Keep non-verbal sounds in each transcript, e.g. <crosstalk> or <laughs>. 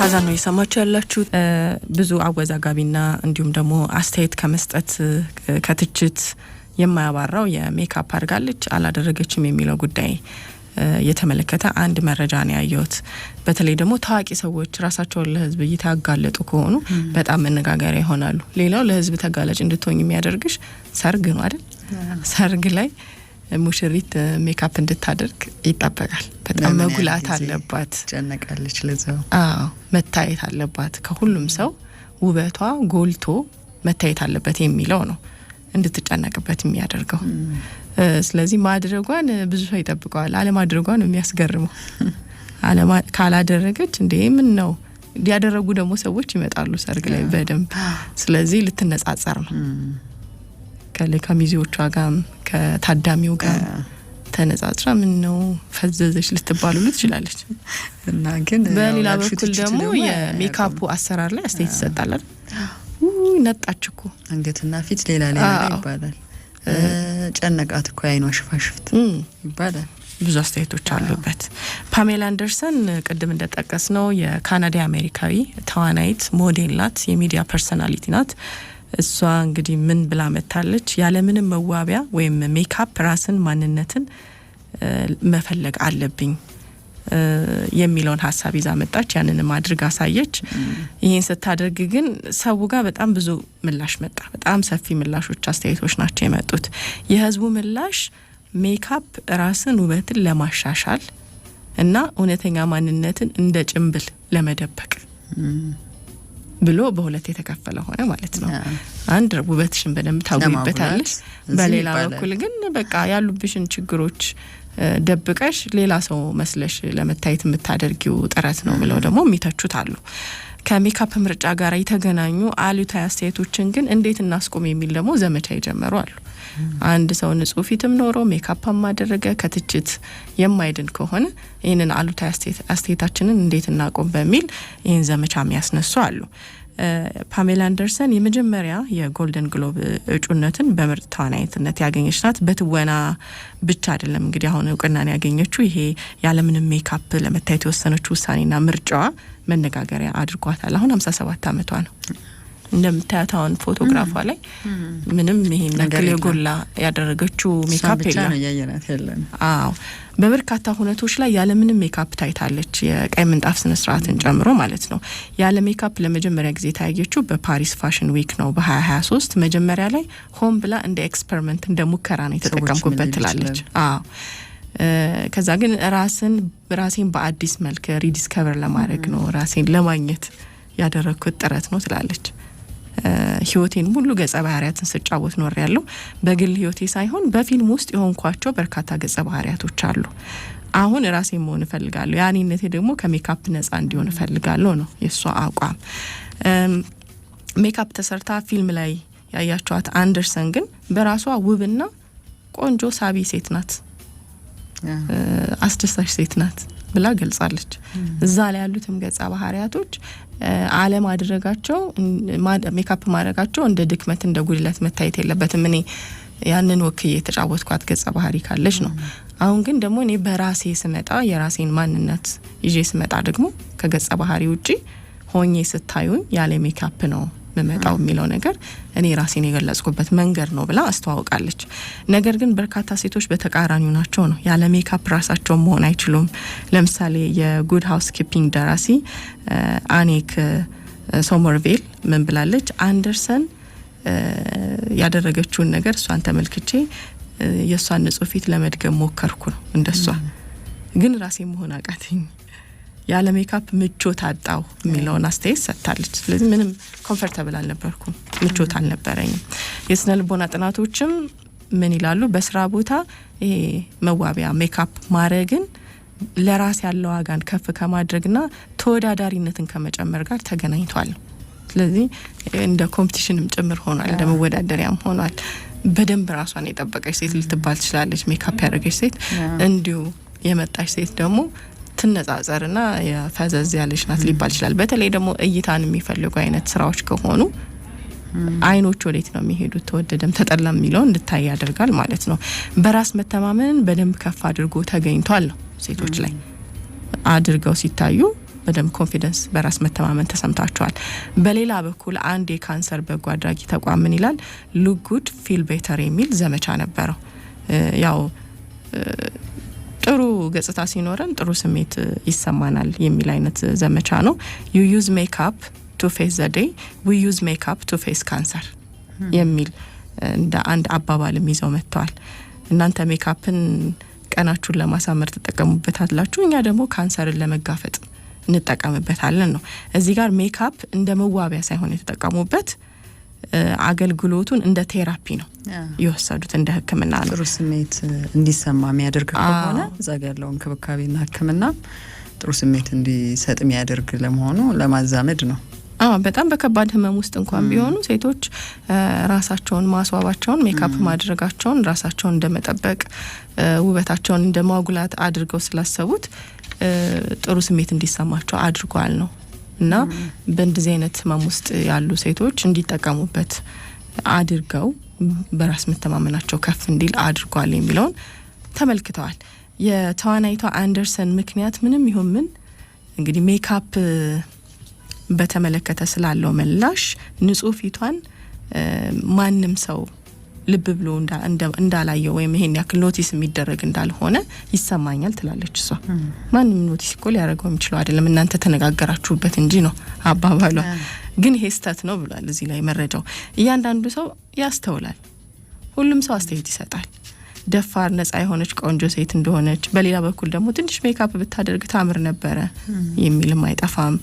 ታዛ ነው እየሰማችሁ ያላችሁ። ብዙ አወዛጋቢና እንዲሁም ደግሞ አስተያየት ከመስጠት ከትችት የማያባራው የሜካፕ አድርጋለች አላደረገችም የሚለው ጉዳይ የተመለከተ አንድ መረጃ ነው ያየሁት። በተለይ ደግሞ ታዋቂ ሰዎች ራሳቸውን ለህዝብ እይታ ያጋለጡ ከሆኑ በጣም መነጋገሪያ ይሆናሉ። ሌላው ለህዝብ ተጋላጭ እንድትሆኝ የሚያደርግሽ ሰርግ ነው አይደል? ሰርግ ላይ ሙሽሪት ሜካፕ uh, እንድታደርግ ይጠበቃል። በጣም መጉላት አለባት። ጨነቃለች። ለዛው አዎ መታየት አለባት። ከሁሉም ሰው ውበቷ ጎልቶ መታየት አለበት የሚለው ነው እንድትጨነቅበት የሚያደርገው። ስለዚህ ማድረጓን ብዙ ሰው ይጠብቀዋል። አለማድረጓን የሚያስገርመው <laughs> ካላደረገች እንዴ ምን ነው ያደረጉ ደግሞ ሰዎች ይመጣሉ ሰርግ ላይ በደንብ ስለዚህ ልትነጻጸር ነው ከሚዜዎቿ ጋር ከታዳሚው ጋር ተነጻጽራ ምን ነው ፈዘዘች ልትባሉ ትችላለች። እና ግን በሌላ በኩል ደግሞ የሜካፑ አሰራር ላይ አስተያየት ይሰጣላል። ነጣች እኮ አንገትና ፊት ሌላ ሌላ ይባላል። ጨነቃት እኮ የአይኗ ሽፋሽፍት ይባላል። ብዙ አስተያየቶች አሉበት። ፓሜላ አንደርሰን ቅድም እንደጠቀስ ነው የካናዳ አሜሪካዊ ተዋናይት ሞዴል ናት፣ የሚዲያ ፐርሶናሊቲ ናት። እሷ እንግዲህ ምን ብላ መታለች? ያለምንም መዋቢያ ወይም ሜካፕ ራስን ማንነትን መፈለግ አለብኝ የሚለውን ሀሳብ ይዛ መጣች። ያንንም አድርግ አሳየች። ይህን ስታደርግ ግን ሰው ጋር በጣም ብዙ ምላሽ መጣ። በጣም ሰፊ ምላሾች፣ አስተያየቶች ናቸው የመጡት። የህዝቡ ምላሽ ሜካፕ ራስን ውበትን ለማሻሻል እና እውነተኛ ማንነትን እንደ ጭንብል ለመደበቅ ብሎ በሁለት የተከፈለ ሆነ ማለት ነው። አንድ ውበትሽን በደንብ ታጉይበታለሽ፣ በሌላ በኩል ግን በቃ ያሉብሽን ችግሮች ደብቀሽ ሌላ ሰው መስለሽ ለመታየት የምታደርጊው ጥረት ነው ብለው ደግሞ የሚተቹት አሉ። ከሜካፕ ምርጫ ጋር የተገናኙ አሉታዊ አስተያየቶችን ግን እንዴት እናስቆም የሚል ደግሞ ዘመቻ የጀመሩ አሉ። አንድ ሰው ንጹህ ፊትም ኖሮ ሜካፕም አደረገ ከትችት የማይድን ከሆነ ይህንን አሉታዊ አስተያየታችንን እንዴት እናቆም በሚል ይህን ዘመቻ የሚያስነሱ አሉ። ፓሜላ አንደርሰን የመጀመሪያ የጎልደን ግሎብ እጩነትን በምርጥ ተዋናይትነት ያገኘች ናት። በትወና ብቻ አይደለም እንግዲህ አሁን እውቅናን ያገኘችው ይሄ ያለምንም ሜካፕ ለመታየት የወሰነችው ውሳኔና ምርጫዋ መነጋገሪያ አድርጓታል። አሁን 57 ዓመቷ ነው። እንደምታያት አሁን ፎቶግራፏ ላይ ምንም ይሄን ነገር የጎላ ያደረገችው ሜካፕ የለም። አዎ በበርካታ ሁነቶች ላይ ያለምንም ሜካፕ ታይታለች፣ የቀይ ምንጣፍ ስነ ስርዓትን ጨምሮ ማለት ነው። ያለ ሜካፕ ለመጀመሪያ ጊዜ ታያየችው በፓሪስ ፋሽን ዊክ ነው በ2023 መጀመሪያ ላይ ሆን ብላ እንደ ኤክስፐሪመንት እንደ ሙከራ ነው የተጠቀምኩበት ትላለች። አዎ ከዛ ግን ራስን ራሴን በአዲስ መልክ ሪዲስከቨር ለማድረግ ነው ራሴን ለማግኘት ያደረግኩት ጥረት ነው ትላለች። ህይወቴን ሙሉ ገጸ ባህሪያትን ስጫወት ኖር ያለው በግል ህይወቴ ሳይሆን በፊልም ውስጥ የሆንኳቸው በርካታ ገጸ ባህሪያቶች አሉ። አሁን ራሴ መሆን እፈልጋለሁ። ያኔነቴ ደግሞ ከሜካፕ ነጻ እንዲሆን እፈልጋለሁ ነው የእሷ አቋም። ሜካፕ ተሰርታ ፊልም ላይ ያያቸዋት አንደርሰን ግን በራሷ ውብና ቆንጆ ሳቢ ሴት ናት። አስደሳች ሴት ናት ብላ ገልጻለች። እዛ ላይ ያሉትም ገጸ ባህሪያቶች አለማድረጋቸው ሜካፕ ማድረጋቸው እንደ ድክመት እንደ ጉድለት መታየት የለበትም። እኔ ያንን ወክዬ የተጫወትኳት ገጸ ባህሪ ካለች ነው። አሁን ግን ደግሞ እኔ በራሴ ስመጣ የራሴን ማንነት ይዤ ስመጣ ደግሞ ከገጸ ባህሪ ውጪ ሆኜ ስታዩኝ ያለ ሜካፕ ነው የምመጣው የሚለው ነገር እኔ ራሴን የገለጽኩበት መንገድ ነው ብላ አስተዋውቃለች። ነገር ግን በርካታ ሴቶች በተቃራኒው ናቸው ነው ያለ ሜካፕ ራሳቸውን መሆን አይችሉም። ለምሳሌ የጉድ ሃውስ ኪፒንግ ደራሲ አኔክ ሶመርቬል ምን ብላለች? አንደርሰን ያደረገችውን ነገር እሷን ተመልክቼ የእሷን ንጹህ ፊት ለመድገም ሞከርኩ ነው እንደሷ ግን ራሴ መሆን አቃተኝ። ያለ ሜካፕ ምቾት አጣው የሚለውን አስተያየት ሰጥታለች። ስለዚህ ምንም ኮንፈርተብል አልነበርኩም፣ ምቾት አልነበረኝም። የስነ ልቦና ጥናቶችም ምን ይላሉ? በስራ ቦታ ይሄ መዋቢያ ሜካፕ ማድረግን ለራስ ያለው ዋጋን ከፍ ከማድረግና ተወዳዳሪነትን ከመጨመር ጋር ተገናኝቷል። ስለዚህ እንደ ኮምፒቲሽንም ጭምር ሆኗል፣ እንደ መወዳደሪያም ሆኗል። በደንብ ራሷን የጠበቀች ሴት ልትባል ትችላለች። ሜካፕ ያደረገች ሴት እንዲሁ የመጣች ሴት ደግሞ ትነጻጸር ና የፈዘዝ ያለች ናት ሊባል ይችላል። በተለይ ደግሞ እይታን የሚፈልጉ አይነት ስራዎች ከሆኑ አይኖች ወዴት ነው የሚሄዱት? ተወደደም ተጠላ የሚለው እንድታይ ያደርጋል ማለት ነው። በራስ መተማመንን በደንብ ከፍ አድርጎ ተገኝቷል ነው ሴቶች ላይ አድርገው ሲታዩ በደንብ ኮንፊደንስ በራስ መተማመን ተሰምታቸዋል። በሌላ በኩል አንድ የካንሰር በጎ አድራጊ ተቋም ምን ይላል? ሉክ ጉድ ፊል ቤተር የሚል ዘመቻ ነበረው ያው ጥሩ ገጽታ ሲኖረን ጥሩ ስሜት ይሰማናል የሚል አይነት ዘመቻ ነው። ዩ ዩዝ ሜካፕ ቱ ፌስ ዘ ዴይ ዊ ዩዝ ሜካፕ ቱ ፌስ ካንሰር የሚል eh, እንደ አንድ አባባልም ይዘው መጥተዋል። እናንተ ሜካፕን ቀናችሁን ለማሳመር ትጠቀሙበታላችሁ፣ እኛ ደግሞ ካንሰርን ለመጋፈጥ እንጠቀምበታለን ነው። እዚህ ጋር ሜካፕ እንደ መዋቢያ ሳይሆን የተጠቀሙበት አገልግሎቱን እንደ ቴራፒ ነው የወሰዱት እንደ ህክምና ጥሩ ስሜት እንዲሰማ የሚያደርግ ከሆነ እዛ ጋ ያለው እንክብካቤና ህክምና ጥሩ ስሜት እንዲሰጥ የሚያደርግ ለመሆኑ ለማዛመድ ነው። በጣም በከባድ ህመም ውስጥ እንኳን ቢሆኑ ሴቶች ራሳቸውን ማስዋባቸውን ሜካፕ ማድረጋቸውን ራሳቸውን እንደመጠበቅ ውበታቸውን እንደ ማጉላት አድርገው ስላሰቡት ጥሩ ስሜት እንዲሰማቸው አድርጓል ነው እና በእንደዚህ አይነት ህመም ውስጥ ያሉ ሴቶች እንዲጠቀሙበት አድርገው በራስ መተማመናቸው ከፍ እንዲል አድርጓል የሚለውን ተመልክተዋል። የተዋናይቷ አንደርሰን ምክንያት ምንም ይሁን ምን እንግዲህ ሜካፕ በተመለከተ ስላለው ምላሽ ንጹህ ፊቷን ማንም ሰው ልብ ብሎ እንዳላየው ወይም ይሄን ያክል ኖቲስ የሚደረግ እንዳልሆነ ይሰማኛል ትላለች እሷ። ማንም ኖቲስ እኮ ሊያደርገው የሚችለው አይደለም፣ እናንተ ተነጋገራችሁበት እንጂ ነው አባባሏ። ግን ይሄ ስህተት ነው ብሏል። እዚህ ላይ መረጃው እያንዳንዱ ሰው ያስተውላል፣ ሁሉም ሰው አስተያየት ይሰጣል። ደፋር ነጻ የሆነች ቆንጆ ሴት እንደሆነች፣ በሌላ በኩል ደግሞ ትንሽ ሜካፕ ብታደርግ ታምር ነበረ የሚልም አይጠፋም።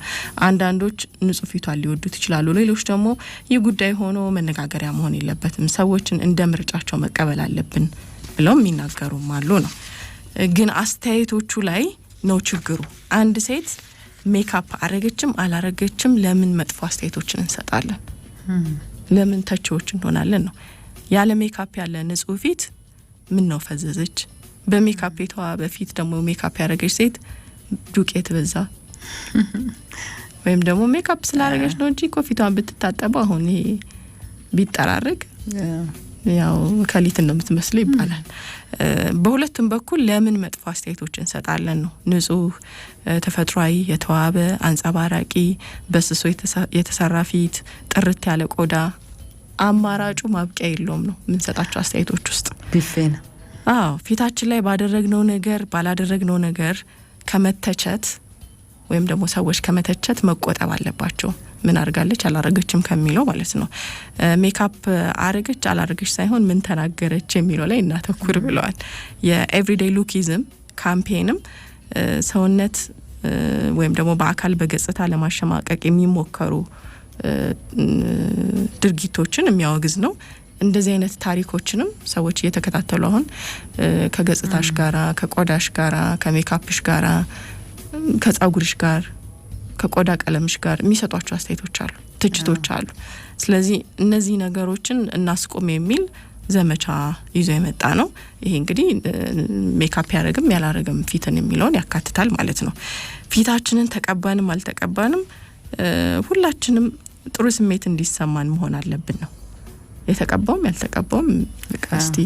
አንዳንዶች ንጹህ ፊቷን ሊወዱት ይችላሉ። ሌሎች ደግሞ ይህ ጉዳይ ሆኖ መነጋገሪያ መሆን የለበትም፣ ሰዎችን እንደ ምርጫቸው መቀበል አለብን ብለው የሚናገሩም አሉ ነው። ግን አስተያየቶቹ ላይ ነው ችግሩ። አንድ ሴት ሜካፕ አረገችም አላረገችም ለምን መጥፎ አስተያየቶችን እንሰጣለን? ለምን ተቺዎች እንሆናለን? ነው ያለ ሜካፕ ያለ ንጹህ ፊት ምን ነው ፈዘዘች። በሜካፕ የተዋበ በፊት ደግሞ ሜካፕ ያደረገች ሴት ዱቄት በዛ <laughs> ወይም ደግሞ ሜካፕ ስላደረገች ነው እንጂ ኮፊቷን ብትታጠበው አሁን ይሄ ቢጠራርግ ያው ከሊት ነው የምትመስለው ይባላል። በሁለቱም በኩል ለምን መጥፎ አስተያየቶች እንሰጣለን ነው። ንጹህ ተፈጥሯዊ፣ የተዋበ አንጸባራቂ፣ በስሶ የተሰራ ፊት፣ ጥርት ያለ ቆዳ አማራጩ ማብቂያ የለውም ነው የምንሰጣቸው አስተያየቶች ውስጥ ቢፌ ነው። አዎ ፊታችን ላይ ባደረግነው ነገር ባላደረግነው ነገር ከመተቸት ወይም ደግሞ ሰዎች ከመተቸት መቆጠብ አለባቸው። ምን አድርጋለች አላረገችም ከሚለው ማለት ነው። ሜካፕ አረገች አላረገች ሳይሆን ምን ተናገረች የሚለው ላይ እናተኩር ብለዋል። የኤቭሪዴይ ሉኪዝም ካምፔንም ሰውነት ወይም ደግሞ በአካል በገጽታ ለማሸማቀቅ የሚሞከሩ ድርጊቶችን የሚያወግዝ ነው። እንደዚህ አይነት ታሪኮችንም ሰዎች እየተከታተሉ አሁን ከገጽታሽ ጋራ፣ ከቆዳሽ ጋራ፣ ከሜካፕሽ ጋራ፣ ከጸጉርሽ ጋር፣ ከቆዳ ቀለምሽ ጋር የሚሰጧቸው አስተያየቶች አሉ፣ ትችቶች አሉ። ስለዚህ እነዚህ ነገሮችን እናስቆም የሚል ዘመቻ ይዞ የመጣ ነው። ይሄ እንግዲህ ሜካፕ ያደረግም ያላረግም ፊትን የሚለውን ያካትታል ማለት ነው። ፊታችንን ተቀባንም አልተቀባንም ሁላችንም ጥሩ ስሜት እንዲሰማን መሆን አለብን ነው የተቀባውም ያልተቀባውም እስቲ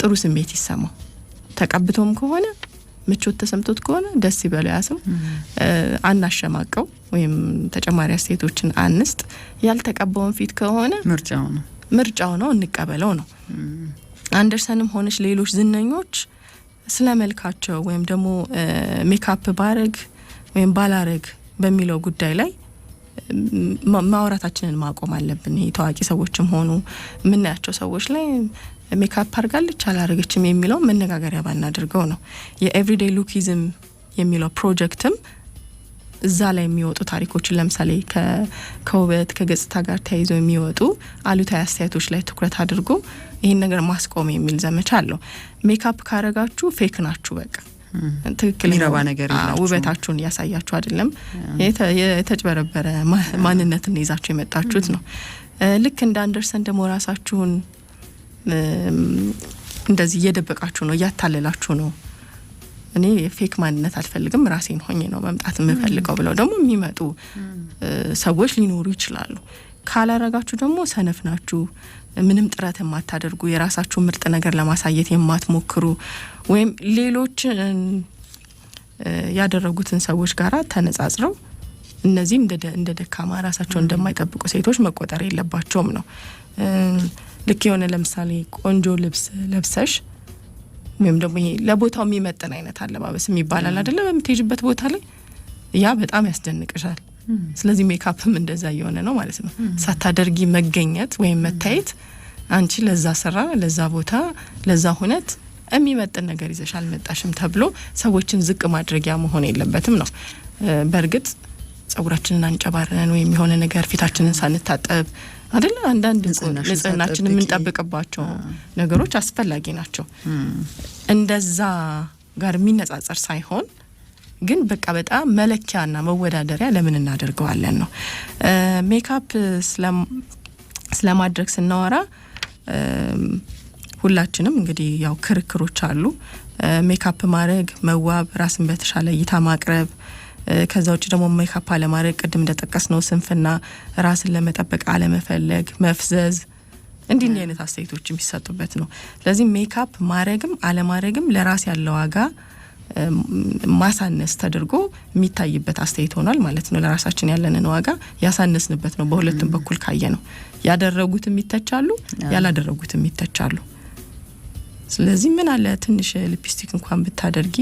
ጥሩ ስሜት ይሰማው። ተቀብቶም ከሆነ ምቾት ተሰምቶት ከሆነ ደስ ይበለው። ያ ሰው አናሸማቀው ወይም ተጨማሪ አስተያየቶችን አንስጥ። ያልተቀባውን ፊት ከሆነ ምርጫው ነው ምርጫው ነው እንቀበለው ነው። አንደርሰንም ሆነች ሌሎች ዝነኞች ስለ መልካቸው ወይም ደግሞ ሜካፕ ባረግ ወይም ባላረግ በሚለው ጉዳይ ላይ ማውራታችንን ማቆም አለብን። ታዋቂ ሰዎችም ሆኑ የምናያቸው ሰዎች ላይ ሜካፕ አድርጋለች አላደረገችም የሚለው መነጋገሪያ ባናደርገው ነው። የኤቭሪዴይ ሉኪዝም የሚለው ፕሮጀክትም እዛ ላይ የሚወጡ ታሪኮችን ለምሳሌ ከውበት ከገጽታ ጋር ተያይዞ የሚወጡ አሉታዊ አስተያየቶች ላይ ትኩረት አድርጎ ይህን ነገር ማስቆም የሚል ዘመቻ አለው። ሜካፕ ካረጋችሁ ፌክ ናችሁ በቃ ትክክል የሚረባ ነገር ውበታችሁን እያሳያችሁ አይደለም፣ የተጭበረበረ ማንነትን ይዛችሁ የመጣችሁት ነው። ልክ እንደ አንደርሰን ደግሞ ራሳችሁን እንደዚህ እየደበቃችሁ ነው፣ እያታለላችሁ ነው። እኔ ፌክ ማንነት አልፈልግም፣ ራሴን ሆኜ ነው መምጣት የምፈልገው ብለው ደግሞ የሚመጡ ሰዎች ሊኖሩ ይችላሉ። ካላረጋችሁ ደግሞ ሰነፍ ናችሁ ምንም ጥረት የማታደርጉ የራሳችሁ ምርጥ ነገር ለማሳየት የማትሞክሩ ወይም ሌሎች ያደረጉትን ሰዎች ጋራ ተነጻጽረው እነዚህ እንደ ደካማ ራሳቸውን እንደማይጠብቁ ሴቶች መቆጠር የለባቸውም ነው። ልክ የሆነ ለምሳሌ ቆንጆ ልብስ ለብሰሽ ወይም ደግሞ ይሄ ለቦታው የሚመጥን አይነት አለባበስ የሚባላል አደለ፣ በምትሄጅበት ቦታ ላይ ያ በጣም ያስደንቅሻል። ስለዚህ ሜካፕም እንደዛ እየሆነ ነው ማለት ነው። ሳታደርጊ መገኘት ወይም መታየት አንቺ ለዛ ስራ፣ ለዛ ቦታ፣ ለዛ ሁነት የሚመጥን ነገር ይዘሽ አልመጣሽም ተብሎ ሰዎችን ዝቅ ማድረጊያ መሆን የለበትም ነው። በእርግጥ ጸጉራችንን አንጨባረን ወይም የሆነ ነገር ፊታችንን ሳንታጠብ አይደለ፣ አንዳንድ ንጽህናችን የምንጠብቅባቸው ነገሮች አስፈላጊ ናቸው። እንደዛ ጋር የሚነጻጸር ሳይሆን ግን በቃ በጣም መለኪያና መወዳደሪያ ለምን እናደርገዋለን ነው። ሜካፕ ስለማድረግ ስናወራ ሁላችንም እንግዲህ ያው ክርክሮች አሉ። ሜካፕ ማድረግ፣ መዋብ፣ ራስን በተሻለ እይታ ማቅረብ ከዛ ውጭ ደግሞ ሜካፕ አለማድረግ ቅድም እንደጠቀስ ነው ስንፍና፣ ራስን ለመጠበቅ አለመፈለግ፣ መፍዘዝ እንዲህ እንዲህ አይነት አስተያየቶች የሚሰጡበት ነው። ስለዚህ ሜካፕ ማድረግም አለማድረግም ለራስ ያለ ዋጋ ማሳነስ ተደርጎ የሚታይበት አስተያየት ሆኗል ማለት ነው። ለራሳችን ያለንን ዋጋ ያሳነስንበት ነው። በሁለቱም በኩል ካየ ነው ያደረጉትም ይተቻሉ፣ ያላደረጉትም ይተቻሉ። ስለዚህ ምን አለ ትንሽ ሊፕስቲክ እንኳን ብታደርጊ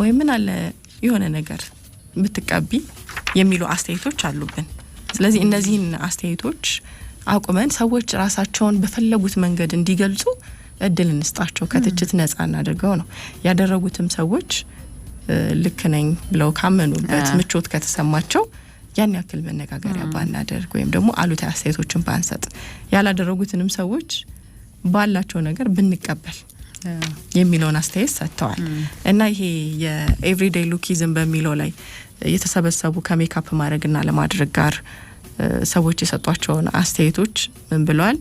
ወይም ምን አለ የሆነ ነገር ብትቀቢ የሚሉ አስተያየቶች አሉብን። ስለዚህ እነዚህን አስተያየቶች አቁመን ሰዎች ራሳቸውን በፈለጉት መንገድ እንዲገልጹ እድል እንስጣቸው፣ ከትችት ነጻ እናደርገው ነው ያደረጉትም ሰዎች ልክ ነኝ ብለው ካመኑበት ምቾት ከተሰማቸው ያን ያክል መነጋገሪያ ባናደርግ ወይም ደግሞ አሉታዊ አስተያየቶችን ባንሰጥ ያላደረጉትንም ሰዎች ባላቸው ነገር ብንቀበል የሚለውን አስተያየት ሰጥተዋል እና ይሄ የኤቭሪዴይ ሉኪዝም በሚለው ላይ የተሰበሰቡ ከሜካፕ ማድረግና ለማድረግ ጋር ሰዎች የሰጧቸውን አስተያየቶች ምን ብለዋል?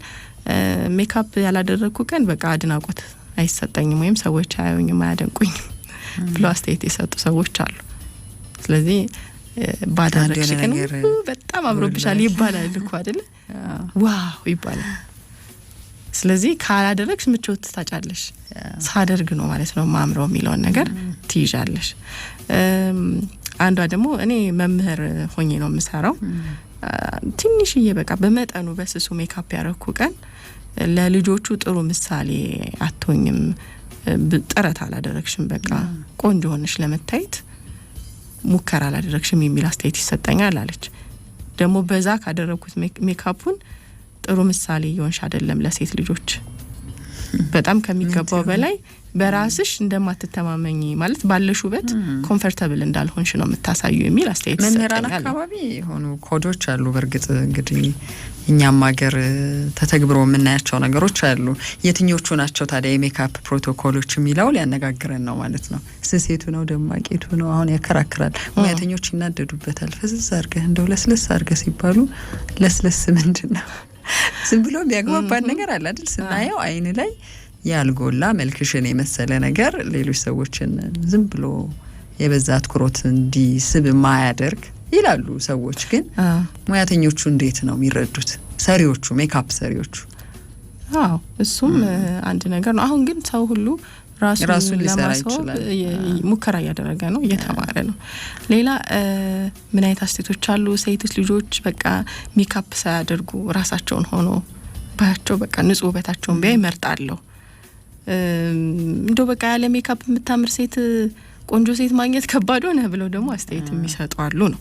ሜካፕ ያላደረግኩ ቀን በቃ አድናቆት አይሰጠኝም ወይም ሰዎች አያዩኝም፣ አያደንቁኝም ብሎ አስተያየት የሰጡ ሰዎች አሉ። ስለዚህ ባዳረግሽ በጣም አምሮብሻል ይባላል እኮ አይደለ? ዋው ይባላል። ስለዚህ ካላደረግሽ ምቾት ታጫለሽ። ሳደርግ ነው ማለት ነው ማምረው የሚለውን ነገር ትይዣለሽ። አንዷ ደግሞ እኔ መምህር ሆኜ ነው የምሰራው ትንሽዬ በቃ በመጠኑ በስሱ ሜካፕ ያረኩ ቀን ለልጆቹ ጥሩ ምሳሌ አትሆኝም። ጥረት አላደረግሽም፣ በቃ ቆንጆ ሆነሽ ለመታየት ሙከራ አላደረግሽም የሚል አስተያየት ይሰጠኛል አለች። ደግሞ በዛ ካደረግኩት ሜካፑን ጥሩ ምሳሌ እየሆንሽ አይደለም ለሴት ልጆች በጣም ከሚገባው በላይ በራስሽ እንደማትተማመኝ ማለት ባለሽ ውበት ኮንፈርተብል እንዳልሆንሽ ነው የምታሳዩ የሚል አስተያየት መምህራን አካባቢ የሆኑ ኮዶች አሉ። በእርግጥ እንግዲህ እኛም ሀገር ተተግብሮ የምናያቸው ነገሮች አሉ። የትኞቹ ናቸው ታዲያ የሜካፕ ፕሮቶኮሎች የሚለው ሊያነጋግረን ነው ማለት ነው። ስሴቱ ነው ደማቂቱ ነው አሁን ያከራክራል። ሙያተኞች ይናደዱበታል። ፍዝዝ አርገህ እንደው ለስለስ አርገህ ሲባሉ ለስለስ ምንድን ነው? ዝም ብሎ የሚያግባባን ነገር አለ አይደል? ስናየው አይን ላይ ያልጎላ መልክሽን የመሰለ ነገር ሌሎች ሰዎችን ዝም ብሎ የበዛ አትኩሮት እንዲስብ ማያደርግ ይላሉ ሰዎች። ግን ሙያተኞቹ እንዴት ነው የሚረዱት? ሰሪዎቹ፣ ሜካፕ ሰሪዎቹ። አዎ እሱም አንድ ነገር ነው። አሁን ግን ሰው ሁሉ ራሱን ለማስዋብ ሙከራ እያደረገ ነው፣ እየተማረ ነው። ሌላ ምን አይነት አስቴቶች አሉ? ሴቶች ልጆች በቃ ሜካፕ ሳያደርጉ ራሳቸውን ሆኖ ባያቸው በቃ ንጹህ ውበታቸውን ቢያ ይመርጣለሁ። እንደው በቃ ያለ ሜካፕ የምታምር ሴት ቆንጆ ሴት ማግኘት ከባድ ሆነ ብለው ደግሞ አስተያየት የሚሰጡ አሉ ነው።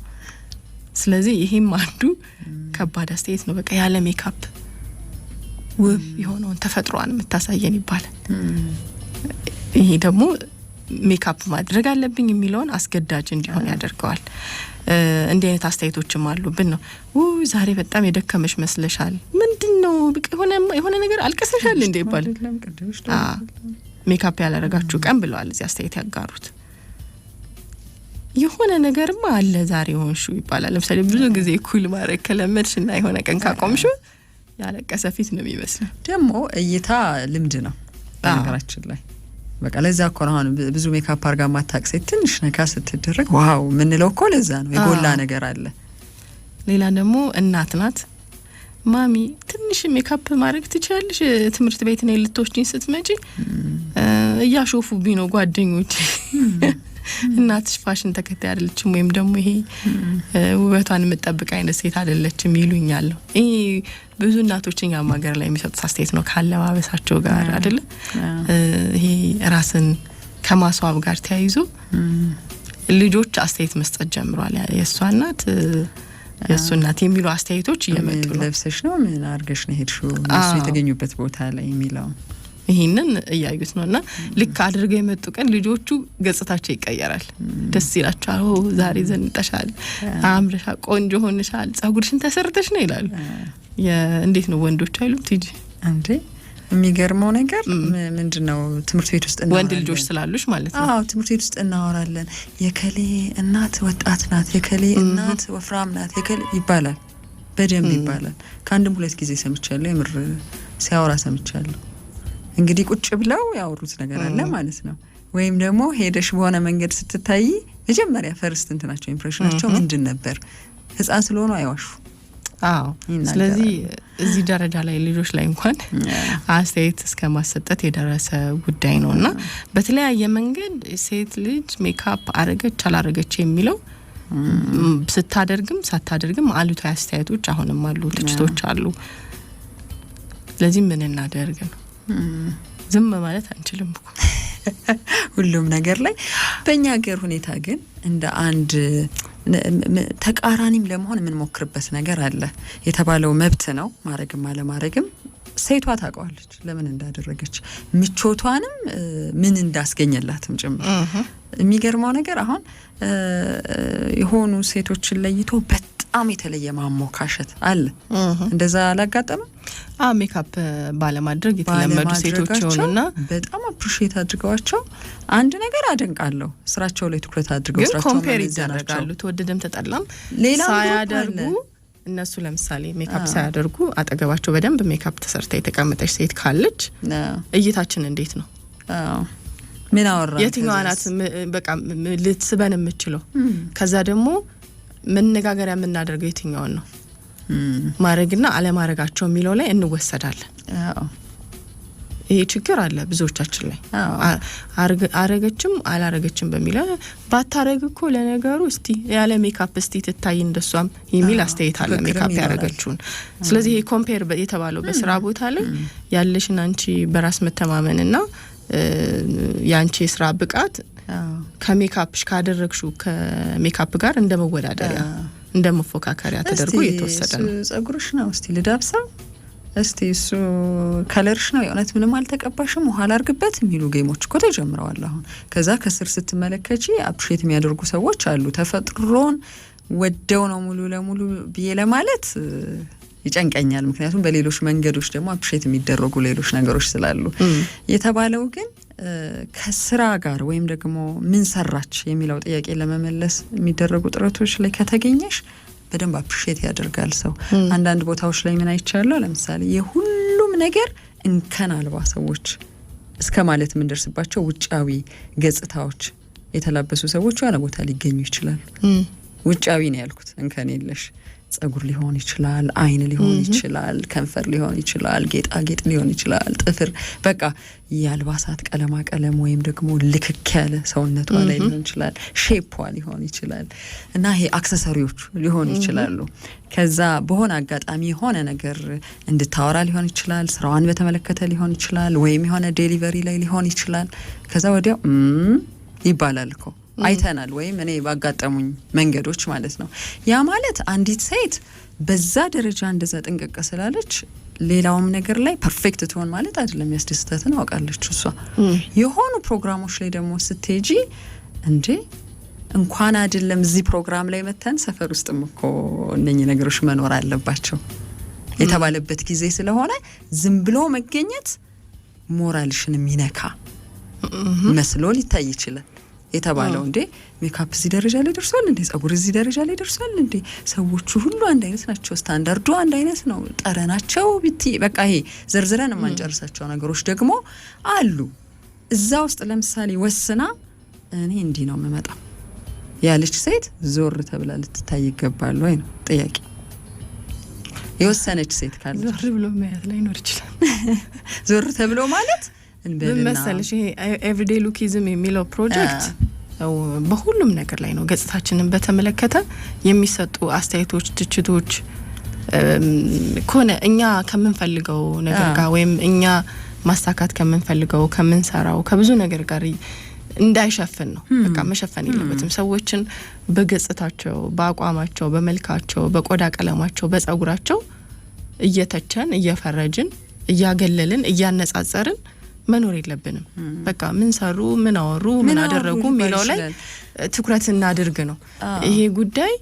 ስለዚህ ይሄም አንዱ ከባድ አስተያየት ነው። በቃ ያለ ሜካፕ ውብ የሆነውን ተፈጥሯን የምታሳየን ይባላል። ይሄ ደግሞ ሜካፕ ማድረግ አለብኝ የሚለውን አስገዳጅ እንዲሆን ያደርገዋል። እንዲህ አይነት አስተያየቶችም አሉብን ነው። ዛሬ በጣም የደከመሽ መስለሻል፣ ምንድን ነው የሆነ ነገር አልቀሰሻል እንዴ? ይባል ሜካፕ ያላረጋችሁ ቀን ብለዋል። እዚህ አስተያየት ያጋሩት የሆነ ነገርማ አለ ዛሬ ሆንሹ ይባላል። ለምሳሌ ብዙ ጊዜ ኩል ማድረግ ከለመድሽ እና የሆነ ቀን ካቆምሹ ያለቀሰ ፊት ነው የሚመስለው። ደግሞ እይታ ልምድ ነው በነገራችን ላይ በቃ ለዛ እኮ ነው አሁን ብዙ ሜካፕ አርጋ ማታቅ ሴት ትንሽ ነካ ስትደረግ ዋው የምንለው እኮ ለዛ ነው። የጎላ ነገር አለ። ሌላ ደግሞ እናት ናት። ማሚ ትንሽ ሜካፕ ማድረግ ትችላለሽ? ትምህርት ቤት ነው ልትወስጂኝ ስትመጪ እያሾፉብኝ ነው ጓደኞች እናትሽ ፋሽን ተከታይ አይደለችም ወይም ደግሞ ይሄ ውበቷን የምጠብቅ አይነት ሴት አይደለችም ይሉኛል። ይሄ ብዙ እናቶች እኛም ሀገር ላይ የሚሰጡት አስተያየት ነው ካለባበሳቸው ጋር አይደለ? ይሄ ራስን ከማስዋብ ጋር ተያይዞ ልጆች አስተያየት መስጠት ጀምሯል። የእሷ እናት የእሱ እናት የሚሉ አስተያየቶች እየመጡ ነው። ለብሰሽ ነው ምን አድርገሽ ነው ሄድሽው እሱ የተገኙበት ቦታ ላይ የሚለው ይህንን እያዩት ነው እና ልክ አድርገው የመጡ ቀን ልጆቹ ገጽታቸው ይቀየራል። ደስ ይላቸዋል። ዛሬ ዘንጠሻል፣ አምረሻ፣ ቆንጆ ሆንሻል፣ ጸጉርሽን ተሰርተሽ ነው ይላሉ። እንዴት ነው ወንዶች አይሉም ቲጂ እንዴ? የሚገርመው ነገር ምንድን ነው? ትምህርት ቤት ውስጥ ወንድ ልጆች ስላሉች ማለት ነው። አዎ ትምህርት ቤት ውስጥ እናወራለን። የከሌ እናት ወጣት ናት፣ የከሌ እናት ወፍራም ናት፣ የከሌ ይባላል፣ በደንብ ይባላል። ከአንድም ሁለት ጊዜ ሰምቻለሁ። የምር ሲያወራ ሰምቻለሁ። እንግዲህ ቁጭ ብለው ያወሩት ነገር አለ ማለት ነው። ወይም ደግሞ ሄደሽ በሆነ መንገድ ስትታይ መጀመሪያ ፈርስት እንትናቸው ኢምፕሬሽናቸው ምንድን ነበር? ህፃን ስለሆኑ አይዋሹ። አዎ። ስለዚህ እዚህ ደረጃ ላይ ልጆች ላይ እንኳን አስተያየት እስከ ማሰጠት የደረሰ ጉዳይ ነው እና በተለያየ መንገድ ሴት ልጅ ሜካፕ አረገች አላረገች የሚለው mm. ስታደርግም ሳታደርግም አሉታዊ አስተያየቶች አሁንም አሉ፣ ትችቶች አሉ። ስለዚህ ምን እናደርግ ነው? ዝም ማለት አንችልም እኮ <laughs> ሁሉም ነገር ላይ። በእኛ ሀገር ሁኔታ ግን እንደ አንድ ተቃራኒም ለመሆን የምንሞክርበት ነገር አለ። የተባለው መብት ነው፣ ማድረግም አለማድረግም ሴቷ ታውቀዋለች ለምን እንዳደረገች ምቾቷንም ምን እንዳስገኘላትም ጭምር። የሚገርመው ነገር አሁን የሆኑ ሴቶችን ለይቶ በት በጣም የተለየ ማሞካሸት አለ። እንደዛ አላጋጠመም። ሜካፕ ባለማድረግ የተለመዱ ሴቶች ሆኑና በጣም አፕሪሺየት አድርገዋቸው አንድ ነገር አደንቃለሁ። ስራቸው ላይ ትኩረት አድርገው ግን ኮምፔር ይደረጋሉ። ተወደደም ተጠላም ሌላ ሳያደርጉ እነሱ ለምሳሌ ሜካፕ ሳያደርጉ አጠገባቸው በደንብ ሜካፕ ተሰርታ የተቀመጠች ሴት ካለች እይታችን እንዴት ነው? ምን አወራ የትኛዋ ናት በቃ ልትስበን የምችለው ከዛ ደግሞ መነጋገሪያ የምናደርገው የትኛውን ነው ማድረግና አለማድረጋቸው የሚለው ላይ እንወሰዳለን። ይሄ ችግር አለ ብዙዎቻችን ላይ አረገችም አላረገችም በሚለ ባታረግ እኮ ለነገሩ እስቲ ያለ ሜካፕ እስቲ ትታይ እንደሷም የሚል አስተያየት አለ ሜካፕ ያረገችውን። ስለዚህ ይሄ ኮምፔር የተባለው በስራ ቦታ ላይ ያለሽን አንቺ በራስ መተማመንና የአንቺ የስራ ብቃት ከሜካፕሽ ካደረግሽው ከሜካፕ ጋር እንደ መወዳደሪያ እንደ መፎካከሪያ ተደርጎ እየተወሰደ ነው። ጸጉርሽ ነው እስቲ ልዳብሰው እስቲ እሱ ከለርሽ ነው የእውነት ምንም አልተቀባሽም ውሃ አርግበት የሚሉ ጌሞች እኮ ተጀምረዋል። አሁን ከዛ ከስር ስትመለከቺ አፕሼት የሚያደርጉ ሰዎች አሉ። ተፈጥሮን ወደው ነው ሙሉ ለሙሉ ብዬ ለማለት ይጨንቀኛል። ምክንያቱም በሌሎች መንገዶች ደግሞ አፕሼት የሚደረጉ ሌሎች ነገሮች ስላሉ የተባለው ግን ከስራ ጋር ወይም ደግሞ ምን ሰራች የሚለው ጥያቄ ለመመለስ የሚደረጉ ጥረቶች ላይ ከተገኘሽ በደንብ አፕሪሼት ያደርጋል ሰው። አንዳንድ ቦታዎች ላይ ምን አይቻለሁ፣ ለምሳሌ የሁሉም ነገር እንከን አልባ ሰዎች እስከ ማለት የምንደርስባቸው ውጫዊ ገጽታዎች የተላበሱ ሰዎች የሆነ ቦታ ሊገኙ ይችላል። ውጫዊ ነው ያልኩት እንከን የለሽ ጸጉር ሊሆን ይችላል፣ አይን ሊሆን ይችላል፣ ከንፈር ሊሆን ይችላል፣ ጌጣጌጥ ሊሆን ይችላል፣ ጥፍር በቃ የአልባሳት ቀለማ ቀለም ወይም ደግሞ ልክክ ያለ ሰውነቷ ላይ ሊሆን ይችላል፣ ሼፖ ሊሆን ይችላል እና ይሄ አክሰሰሪዎቹ ሊሆኑ ይችላሉ። ከዛ በሆነ አጋጣሚ የሆነ ነገር እንድታወራ ሊሆን ይችላል፣ ስራዋን በተመለከተ ሊሆን ይችላል፣ ወይም የሆነ ዴሊቨሪ ላይ ሊሆን ይችላል። ከዛ ወዲያው ይባላል እኮ አይተናል፣ ወይም እኔ ባጋጠሙኝ መንገዶች ማለት ነው። ያ ማለት አንዲት ሴት በዛ ደረጃ እንደዛ ጥንቀቀ ስላለች ሌላውም ነገር ላይ ፐርፌክት ትሆን ማለት አይደለም። ያስደስተትን አውቃለች እሷ። የሆኑ ፕሮግራሞች ላይ ደግሞ ስትሄጂ እንዴ እንኳን አይደለም እዚህ ፕሮግራም ላይ መተን ሰፈር ውስጥም እኮ እነኚህ ነገሮች መኖር አለባቸው የተባለበት ጊዜ ስለሆነ ዝም ብሎ መገኘት ሞራልሽን የሚነካ መስሎ ሊታይ ይችላል። የተባለው እንዴ ሜካፕ እዚህ ደረጃ ላይ ደርሷል እንዴ? ጸጉር እዚህ ደረጃ ላይ ደርሷል እንዴ? ሰዎቹ ሁሉ አንድ አይነት ናቸው። ስታንዳርዱ አንድ አይነት ነው። ጠረናቸው ብቲ በቃ ይሄ ዘርዝረን የማንጨርሳቸው ነገሮች ደግሞ አሉ። እዛ ውስጥ ለምሳሌ ወስና እኔ እንዲህ ነው የምመጣው ያለች ሴት ዞር ተብላ ልትታይ ይገባል ወይ ነው ጥያቄ። የወሰነች ሴት ካለ ዞር ብሎ ማየት ላይኖር ይችላል። <laughs> ዞር ተብሎ ማለት ምን መሰለሽ ይሄ ኤቭሪዴ ሉኪዝም የሚለው ፕሮጀክት በሁሉም ነገር ላይ ነው። ገጽታችንን በተመለከተ የሚሰጡ አስተያየቶች፣ ትችቶች ከሆነ እኛ ከምንፈልገው ነገር ጋር ወይም እኛ ማሳካት ከምንፈልገው ከምንሰራው ከብዙ ነገር ጋር እንዳይሸፍን ነው። በቃ መሸፈን የለበትም። ሰዎችን በገጽታቸው፣ በአቋማቸው፣ በመልካቸው፣ በቆዳ ቀለማቸው፣ በጸጉራቸው እየተቸን እየፈረጅን እያገለልን እያነጻጸርን መኖር የለብንም። በቃ ምን ሰሩ፣ ምን አወሩ፣ ምን አደረጉ የሚለው ላይ ትኩረት እናድርግ ነው ይሄ ጉዳይ።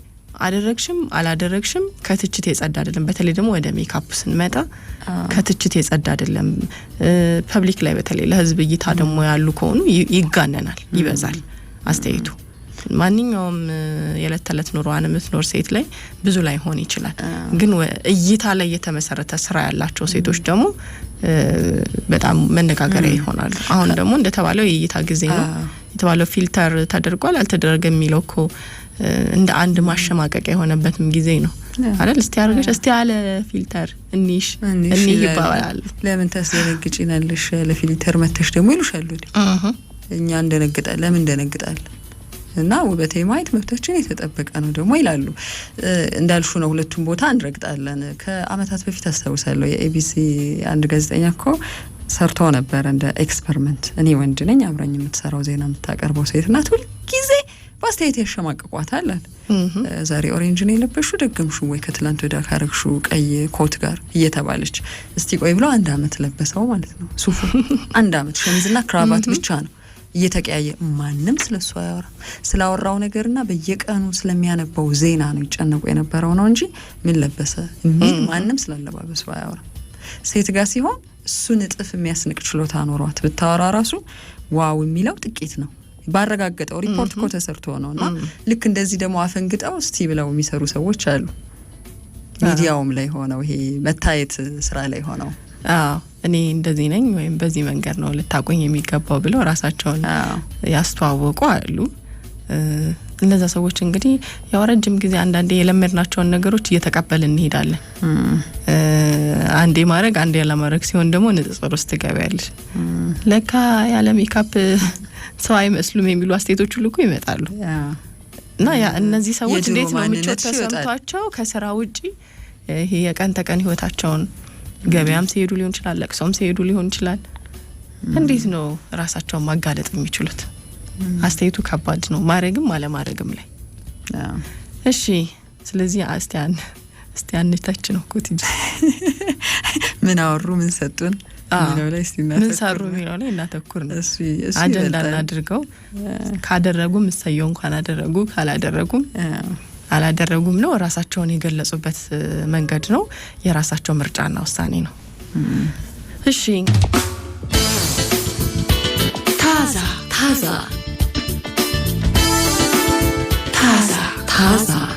አደረግሽም አላደረግሽም ከትችት የጸዳ አይደለም። በተለይ ደግሞ ወደ ሜካፕ ስንመጣ ከትችት የጸዳ አይደለም። ፐብሊክ ላይ በተለይ ለህዝብ እይታ ደግሞ ያሉ ከሆኑ ይጋነናል፣ ይበዛል አስተያየቱ። ማንኛውም የዕለት ተዕለት ኑሯን የምትኖር ሴት ላይ ብዙ ላይ ሆን ይችላል። ግን እይታ ላይ የተመሰረተ ስራ ያላቸው ሴቶች ደግሞ በጣም መነጋገሪያ ይሆናሉ። አሁን ደግሞ እንደተባለው የእይታ ጊዜ ነው የተባለው ፊልተር ተደርጓል አልተደረገ የሚለው እኮ እንደ አንድ ማሸማቀቂያ የሆነበትም ጊዜ ነው አይደል? እስቲ አርገሽ እስቲ ያለ ፊልተር እኒሽ እኒ ይባላል። ለምን ታስደነግጪናለሽ? ለፊልተር መተሽ ደግሞ ይሉሻሉ። እኛ እንደነግጣል። ለምን እንደነግጣል? እና ውበቴ ማየት መብታችን የተጠበቀ ነው ደግሞ ይላሉ። እንዳልሹ ነው፣ ሁለቱም ቦታ እንረግጣለን። ከአመታት በፊት አስታውሳለሁ የኤቢሲ አንድ ጋዜጠኛ እኮ ሰርቶ ነበረ እንደ ኤክስፐሪመንት። እኔ ወንድ ነኝ፣ አብረኝ የምትሰራው ዜና የምታቀርበው ሴት ናት፣ ሁልጊዜ በአስተያየት ያሸማቅቋታል። ዛሬ ኦሬንጅ ነው የለበሽው ደገምሹ ወይ ከትላንት ወዳ ካረግሹ ቀይ ኮት ጋር እየተባለች እስቲ ቆይ ብለው አንድ አመት ለበሰው ማለት ነው። ሱፉ አንድ አመት ሸሚዝና ክራባት ብቻ ነው እየተቀያየ ማንም ስለሱ አያወራም። ስላወራው ነገርና በየቀኑ ስለሚያነባው ዜና ነው ይጨነቁ የነበረው ነው እንጂ ምን ለበሰ የሚል ማንም ስላለባበሱ አያወራም። ሴት ጋር ሲሆን እሱን እጥፍ የሚያስንቅ ችሎታ ኖሯት ብታወራ ራሱ ዋው የሚለው ጥቂት ነው። ባረጋገጠው ሪፖርት እኮ ተሰርቶ ነው እና ልክ እንደዚህ ደግሞ አፈንግጠው እስቲ ብለው የሚሰሩ ሰዎች አሉ። ሚዲያውም ላይ ሆነው ይሄ መታየት ስራ ላይ ሆነው እኔ እንደዚህ ነኝ ወይም በዚህ መንገድ ነው ልታቆኝ የሚገባው ብለው ራሳቸውን ያስተዋወቁ አሉ። እነዛ ሰዎች እንግዲህ ያው ረጅም ጊዜ አንዳንዴ የለመድናቸውን ነገሮች እየተቀበልን እንሄዳለን። አንዴ ማድረግ አንዴ ያለማድረግ ሲሆን ደግሞ ንጽጽር ውስጥ ትገቢያለሽ። ለካ ያለ ሜካፕ ሰው አይመስሉም የሚሉ አስተያየቶች ሁሉ እኮ ይመጣሉ። እና ያ እነዚህ ሰዎች እንዴት ነው ምቾት ተሰምቷቸው ከስራ ውጪ ይሄ የቀን ተቀን ህይወታቸውን ገበያም ሲሄዱ ሊሆን ይችላል፣ ለቅሶም ሲሄዱ ሊሆን ይችላል። እንዴት ነው ራሳቸውን ማጋለጥ የሚችሉት? አስተያየቱ ከባድ ነው፣ ማድረግም አለማድረግም ላይ። እሺ ስለዚህ አስቲያን እስቲያንታች ነው ኮት <laughs> ምን አወሩ፣ ምን ሰጡን ምን ሰሩ የሚለው ላይ እናተኩር ነው። አጀንዳ እናድርገው። ካደረጉም ምሳየው እንኳን አደረጉ፣ ካላደረጉም አላደረጉም ነው። ራሳቸውን የገለጹበት መንገድ ነው። የራሳቸው ምርጫና ውሳኔ ነው። እሺ ታዛ ታዛ ታዛ ታዛ